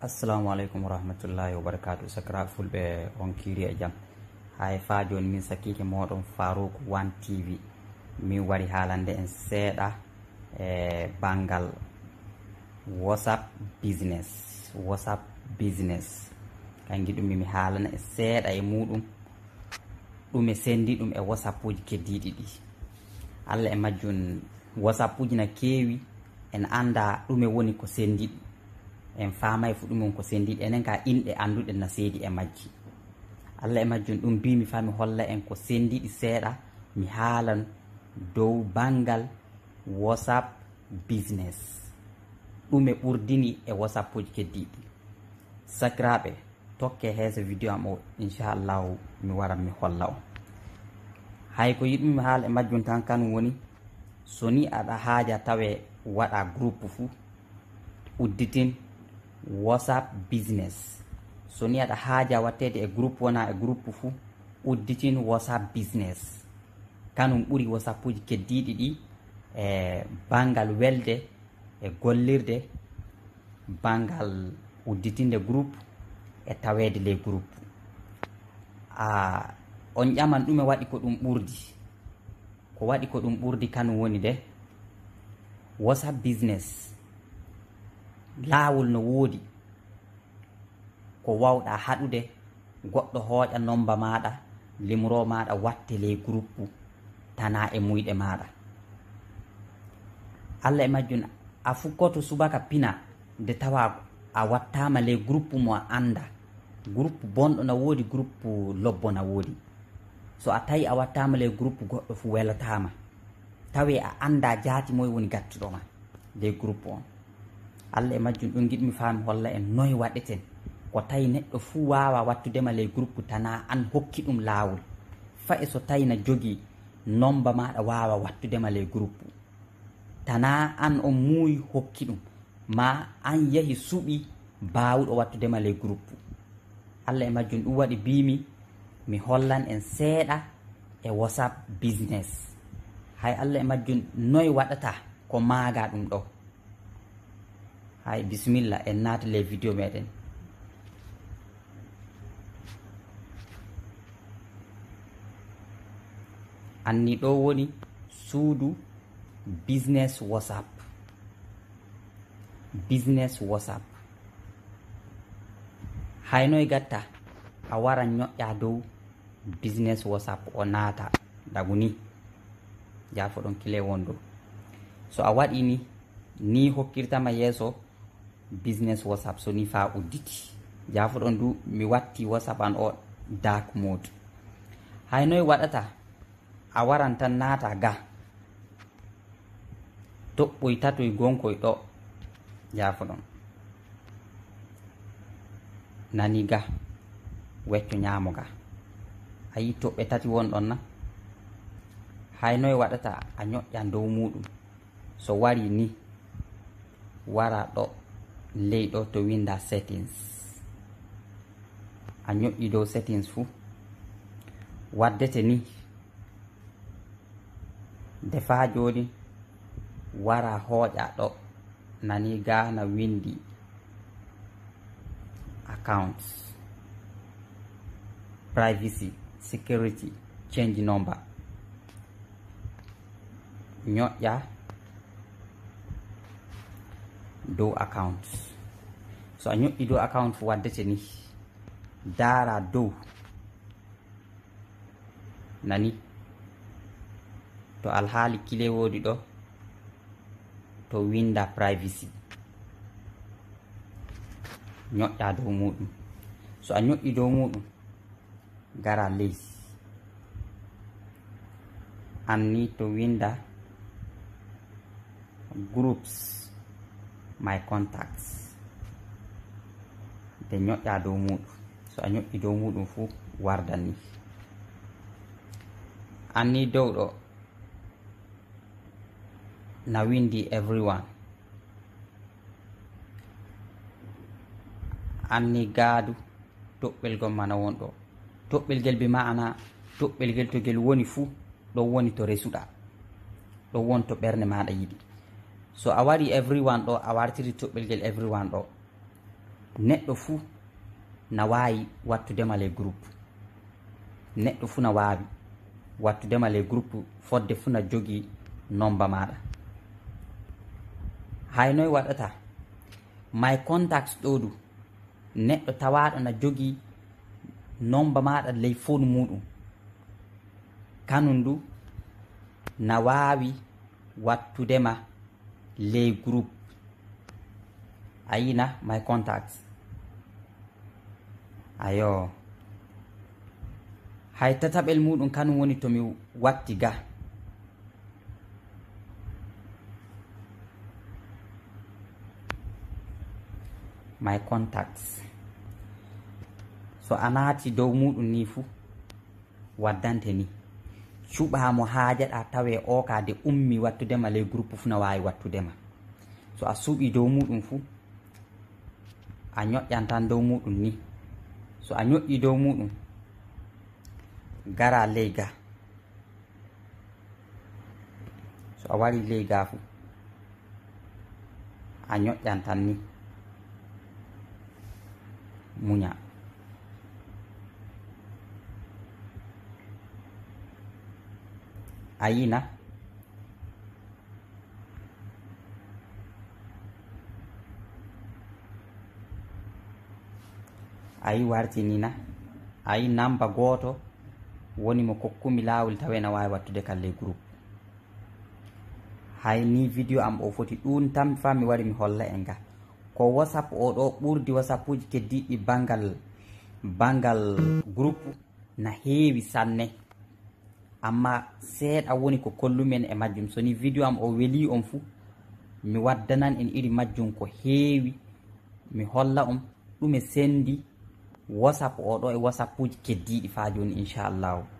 assalamu aleykum wa rahmatullahi wa barakatu sakiraɓe fulɓe on kiri e jaam haye fa joni min sakiki moɗon farouk one tv min wari haalande en seeɗa e bangal wasap business wasap business kanngi ɗum mimi haalana e seeɗa e muɗum ɗume sendi ɗum e, e wasap uji keddiɗi ɗi allah e majjum wasap uji na keewi en annda ɗume woni ko sendi ɗum en famay fu ɗumen ko sendiɗi enen ka inɗe anduɗen no seedi e majji allah e majjum ɗum mbimi fa mi holla en ko sendiɗi seeɗa mi haalan dow bangal whatsapp business ɗume ɓurdini e whatsapp uji keddiɗi sakiraɓe tokke heesa vidéo am o inchallahu mi waran mi holla o hay ko yiɗum mi haala e majjum tan kanum woni so ni aɗa haaja tawe waɗa groupe fuu udditin whatsapp business so ni aɗa haaja wattede e groupe wona e groupe fuu udditin whatsapp business kanum ɓuri whatsapp uji keddiɗi ɗi e bangal welde e gollirde bangal udditinde groupe e tawede ley groupe a on ƴaman ɗume waɗi ko ɗum ɓurdi ko waɗi ko ɗum ɓurdi kanum woni de whatsapp business laawol no woodi ko wawɗa haɗude goɗɗo hooƴa nomba maɗa limro maɗa wattele groupe tana e muyɗe maɗa allah e majjum a fukkoto subaka pina nde tawa a wattama le groupe mo a anda groupe bonɗo na woodi groupe lobbo na woodi so a tawi a wattama le groupe goɗɗo fo welatama tawi a anda jaati moye woni gattuɗoma le groupe on allah e majjum ɗum giɗmi faami walla en noy waɗeten ko tawi neɗɗo fuu wawa wattudemal e groupe tana an hokki ɗum laawol fa e so tawi na jogii nomba maɗa wawa wattudemal e groupe tana an on muuyi hokki ɗum ma an yahi suɓi bawuɗo wattudemal e groupe allah e majjum ɗum waɗi mbimi mi hollan en seeɗa e whatsapp business hay allah e majjum noy waɗata ko maaga ɗum ɗo hay bisimilla en naati les vidéo meɗen anni ɗo woni suudu business whatsapp business whatsapp haynoy gatta a wara ño'a dow business whatsapp o naata dagu ni jafoɗon kile wondo so a waɗini ni hokkirtama yeeso business whatsapp soni fa udditi jafo ɗon du mi watti whatsapp an o dark mode hay noy waɗata a waran tan naata ga toɓɓoy tatoy gonkoy ɗo jafo ɗon nani ga wecco ñamo ga ayi toɓɓe tati won ɗon na hay noy waɗata a ñoƴƴa dow muɗum so wari ni wara ɗo ley ɗo to winda settings a ño'i dow settings fuu waddete ni defa joni wara hooƴa ɗo nani gana windi account privacy security change number ño'a yeah. dow account so a ñoƴƴi dow account fo waddete ni daara dow nani to alhaali kile woodi ɗo to winda privacy ñoƴƴa dow muɗum so a ñoƴƴi dow muɗum gara leys anni to winda groups my contacts de ñoƴƴa dow muɗum so a ñoƴƴi dow muɗum fuu wardani anni dow ɗo na windi everyone anni gaadu toɓɓel gon mana wonɗo toɓɓel gel bi ma'ana toɓɓel gel to gel woni fuu ɗon woni to resuɗa ɗon won to ɓerde maɗa yiɗi so a waɗi everyone ɗo a wartiri toɓɓelguel everyone ɗo neɗɗo fuu na wawi wattudemal e groupe neɗɗo fuu na wawi wattudemal e groupe fodde fuu na jogi nomba maɗa hay noye waɗata my contact ɗo du neɗɗo tawaɗo na jogi nomba maɗa ley fone muɗum kanum du na wawi wattudema les groupe ayina my contact ayo hay tataɓel muɗum kanum woni tomi watti ga my contact so a naati dow muɗum ni fuu waddante ni cuɓamo haaja ɗa tawe o ka de ummi wattudema ley groupe fu na wawi wattudema so a suuɓi dow muɗum fu a ñoƴƴan tan dow muɗum ni so a ñoƴƴi dow muɗum gara ley ga so a wari ley ga fu a ñoƴƴan tan ni muña aina ayi wartinina ayi namba goto woni mo kokkumi lawol tawe na waawi wattude kalle groupe hay ni vidéo am o foti ɗum tam fa mi wari mi holla en ga ko whatsapp o ɗo ɓurdi whatsapp uji keddiɗi bangal bangal groupe na heewi sanne amma seeɗa woni ko kollumen e majjum soni vidéo am o weeli on fuu mi waddanan en iri majjum ko heewi mi holla on ɗume sendi wasap oɗo e wasapuji keddiɗi fa joni inchallahu